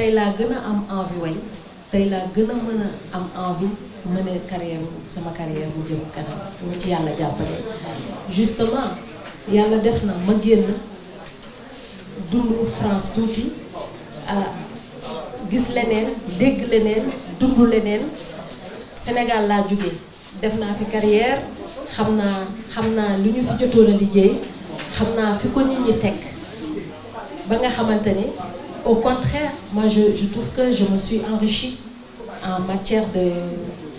tey laa gën a am envie way tey laa gën a mën a am envie mener carrière sama carrière mu jëm kanam mu ci yàlla jàppale justement yàlla def na ma génn dund France tuuti gis leneen dégg leneen dund leneen Sénégal laa jóge def naa fi carrière xam naa xam naa lu ñu fi jotoon a liggéey xam naa fi ko nit ñi teg ba nga xamante Au contraire, moi je, je, trouve que je me suis enrichie en matière de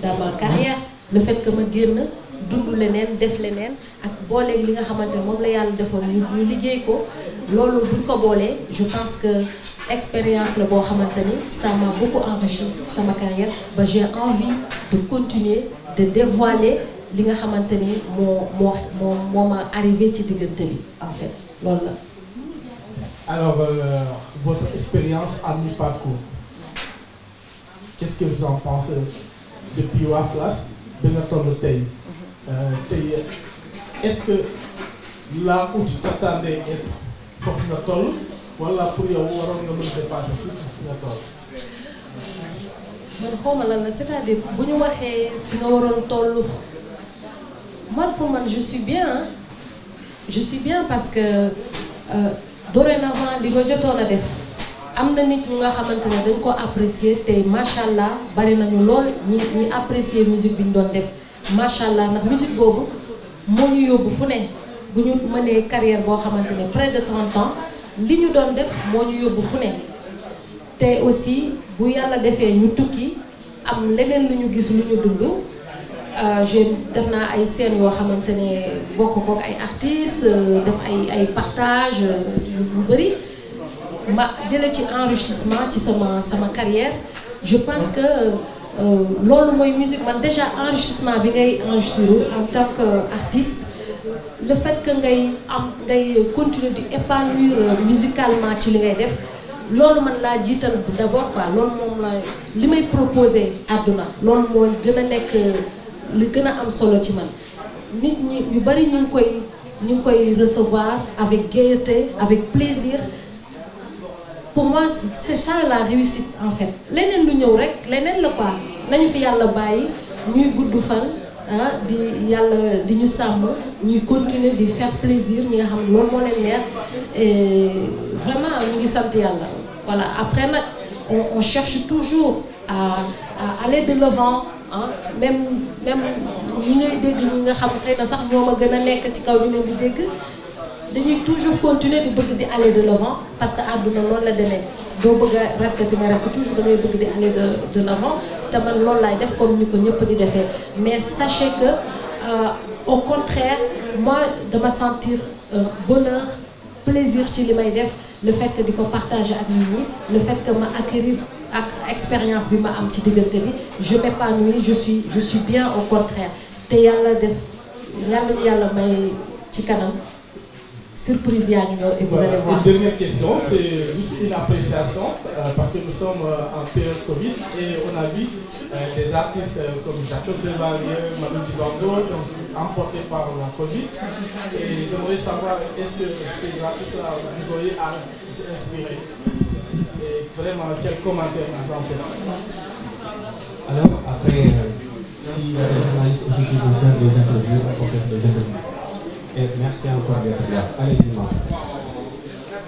dans ma carrière. Le fait ma génn dundu leneen def leneen ak booleeg li nga xamante ne moom la yàlla defoon ñu ñu liggéey ko loolu buñ ko boolee je pense que expérience la boo xamante ni ça m'a beaucoup enrichi sama carrière ba j'ai envie de continuer de dévoiler li nga xamante ni moo moo moo ma arrivé ci diggante bi en fait loolu la. Alors, euh, votre expérience à mi-parcours, qu'est-ce que vous en pensez depuis Waflas, Benaton le Tei euh, Est-ce que là où tu t'attendais être nga toll wala pour yow waroon nga mën a fii foofu nga toll. man xawma lan la c'est-à-dire bu ñu fi nga waroon toll man pour je suis bien je suis bien parce que. Euh, dorénavant li nga jotoon a def am na nit ñu nga xamante ne dañ ko apprécier tey macha allah bari nañu lool ñi ñi apprécier musique bi ñu doon def macha allah ndax musique boobu moo ñu yóbbu fu ne bu ñu mënee carrière boo xamante ne près de 30 ans li ñu doon def moo ñu yóbbu fu ne te aussi bu yàlla defee ñu tukki am leneen lu ñu gis lu ñu dund. Euh, je def naa ay scènes yoo xamante ne bokk kook ay artistes euh, def ay ay partage lu euh, bëri ma jële ci enrichissement ci sama sama carrière je pense que loolu mooy musique man déjà enrichissement bi ngay enrichir en tant qu'artiste le fait que ngay am ngay continuer di épanouir musicalement ci li ngay def loolu man laa jiital d'abord quoi loolu moom la li may proposer àdduna loolu mooy gën a nekk li gën a am solo ci man nit ñi ñu bari ñu ngi koy ñu ngi koy recevoir avec gaieté avec plaisir pour moi c'est ça la réussite en fait leneen lu ñëw rek leneen la quoi nañu fi yàlla bàyyi ñuy gudd fan ah di yàlla di ñu sàmm ñuy continuer di faire plaisir ñi nga xam ne loolu moo leen neex vraiment ñu ngi sant yàlla voilà après nag on, cherche toujours à, aller de l'avant ah même même ñi ngay dégg ñi nga xam xëy na sax ñoo ma gën a nekk ci kaw ñu leen di dégg dañuy toujours continuer di bëgg di aller de l'avant parce que àdduna loolu la demee doo bëgg a rester di nga rester toujours da ngay bëgg di aller de l'avant te man loolu laay def comme ni ko ñëpp di defee mais sachez que euh, au contraire moi dama sentir euh, bonheur plaisir ci li may def le fait que di ko partager ak nit ñi le fait que ma acquérir ak expérience bi ma am ci diggante bi je m'épanouis je suis je suis bien au contraire te yàlla def yàlla yàlla may ci kanam surprise yaa ngi ñëw et vous allez voir. la dernière question c'est juste une appréciation euh, parce que nous sommes euh, en période Covid et on a vu euh, artistes euh, comme Jacob Devarieux, Manu Dibango la Covid et j'aimerais ces artistes-là vous auriez à vous Et vraiment, quel commentaire vous en faites Alors, après, euh, s'il y a des journalistes aussi qui vont faire des interviews, on peut faire des interviews. Et merci encore d'être là. Allez-y,